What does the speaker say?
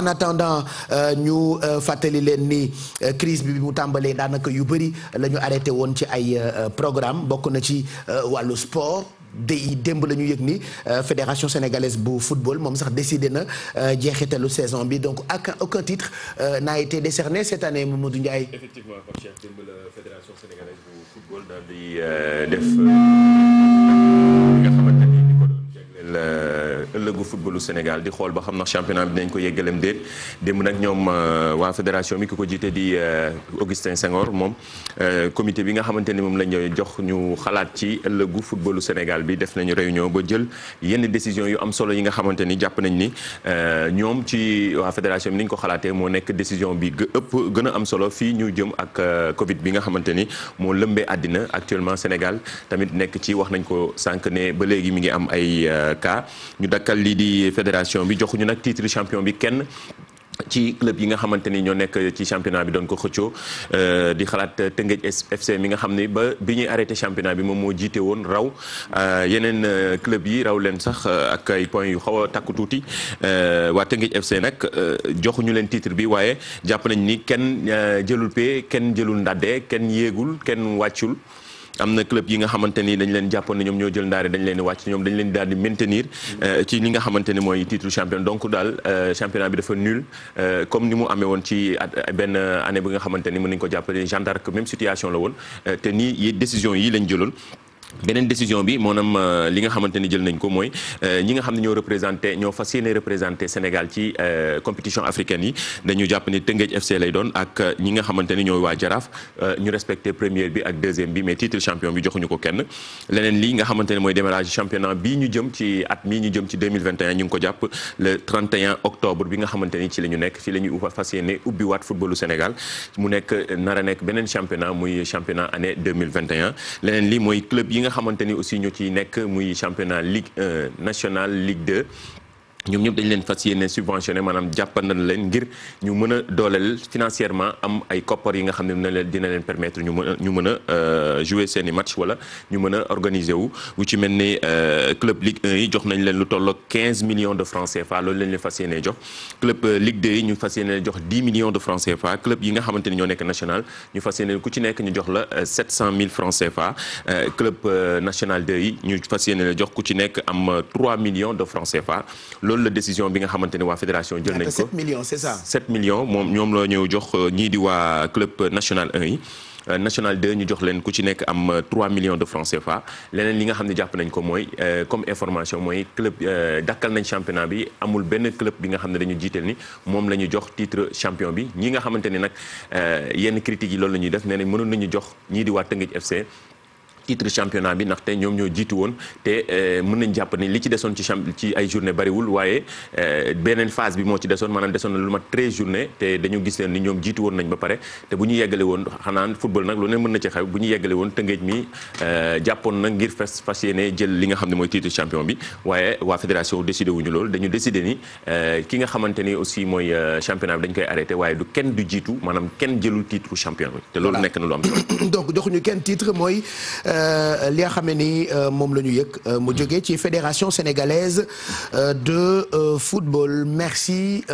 en attendant euh, ñu euh, fàttali leen ni euh, crise bi mu tàmbalee daanaka yu bëri lañu ñu arrêté woon ci ay programme bokk na ci wàllu sport day démb la ñu yëg ni fédération sénégalaise bu football moom sax décidé na jeexitalu saison bi donc ak aucun titre n'a été décerné cette année Mamadou Ndiaye. effectivement Pape fédération sénégalaise bu football daal di def. ëllëgu footballu Sénégal di xool ba xam ndax championnat bi dinañ ko yeggalem démb nag ñoom euh, waa fédération bi ki ko jiite di euh, Augustin Senghor moom euh, comité bi nga xamante ni moom lañ jox ñu xalaat ci ëllëgu footballu Sénégal bi def nañu réunion ba jël yenn décision yu am solo yi nga xamante ni jàpp nañ ni ñoom ci waa fédération bi ni ko xalaate moo nekk décision bi ëpp gën a am solo fii ñu jëm ak Covid bi nga xamante ni moo lëmbee àddina actuellement Sénégal tamit nekk ci wax nañ ko sànq ne ba léegi mi ngi am ay cas lii di fédération bi joxuñu nag tiitre champion bi kenn ci club yi nga xamante ni ñoo nekk ci championnat bi doon ko xëccoo euh, di xalaat Tëngéej FC mi nga xam ne ba bi ñuy arrêté championnat bi moom moo jiite woon raw euh, yeneen euh, club yi raw leen sax ak ay point yu xaw a takku tuuti waa Tëngéej FC nag joxuñu leen tiitre bi waaye jàpp nañ ni kenn jëlul pee kenn jëlul ndàdde kenn yéegul kenn wàccul. am na club yi nga xamante ni dañ leen jàppoon ne ñoom ñoo jël ndaare dañ leen di wàcc ñoom dañ leen daal di maintenir euh, ci li nga xamante ni mooy titre champion donc daal euh, championnat bi dafa nul euh, comme ni mu amee woon ci benn année bi nga xamante ni mën nañu ko jàppale gendarme même situation la woon te nii décision yi lañ jëloon beneen décision bi maanaam euh, li nga xamante ni jël nañ ko mooy euh, ñi nga xam ne ñoo représenté ñoo fas yéene représenté Sénégal ci euh, compétition africaine yi dañu jàpp ni Tëngéej FC lay doon ak ñi nga xamante ni ñooy waa Jaraaf ñu respecté première bi ak deuxième bi mais titre champion bi joxuñu ko kenn leneen lii nga xamante ne mooy démarrage championnat bii ñu jëm ci at mii ñu jëm ci 2021 ñu ngi ko jàpp le 31 octobre bi nga xamante ni ci la ñu nekk fii la ñuy fas yéene ubbi waat nekk nar a muy championnat année 2021 leneen yi nga xamante ni aussi ñoo ciy nekk muy championnat Ligue 1 national Ligue ñoom ñëpp dañ leen fas yéene subventionné maanaam jàppandal leen ngir ñu mën a dooleel financièrement am ay koppar yi nga xam ne dina leen dina leen permettre ñu mën a ñu mën a euh, jouer seen i match wala ñu mën a organiser wu wu ci mel ni euh, club Ligue yi jox nañ leen lu tollook 15 millions de francs CFA loolu lañ leen fas yéene jox club euh, Ligue 2 yi ñu fas yéene jox 10 millions de francs CFA club yi nga xamante ni ñoo nekk national ñu fas yéene ku ci nekk ñu jox la 700 000 francs CFA club national 2 yi ñu fas yéene jox ku ci nekk am 3 millions de francs CFA loolu la décision bi nga xamante ne waa fédération jël nañ ko 7 millions c'est ça. 7 millions moom ñoom la ñu jox euh, ñii di waa club national 1 yi. Euh, national de ñu jox leen ku ci nekk am 3 euh, millions de francs fa leneen li nga xam ne jàpp nañ ko mooy comme information mooy club dakkal nañ championnat bi amul benn club bi nga xam ne dañu jiiteel ni moom la ñu jox titre champion bi ñi nga xamante ne nag yenn critiques yi lool la ñuy def nee nañ mënoon nañu jox ñii di waa Tëngéej titre championnat bi ndaxte ñoom ñoo jiitu woon te euh, mën nañ jàpp ni li ci desoon ci ay journée bariwul waaye euh, beneen phase bi moo ci desoon maanaam desoon na lu mat treize journée te dañu gis leen ni ñoom jiitu woon ba pare te bu ñu yeggale woon xanaan football nag lu ne mën na ci xew euh, na ngir fas fas yéene jël li nga xam ne mooy titre champion bi waaye waa fédération décidé wuñu loolu dañu décidé ni ki nga xamante ni aussi mooy championnat bi dañ koy waaye du kenn du jiitu maanaam kenn jëlul titre champion bi te loolu nekk na lu am solo Euh, li nga xam ne ni euh, moom la ñu yëg euh, mu jógee ci fédération sénégalaise de football merci.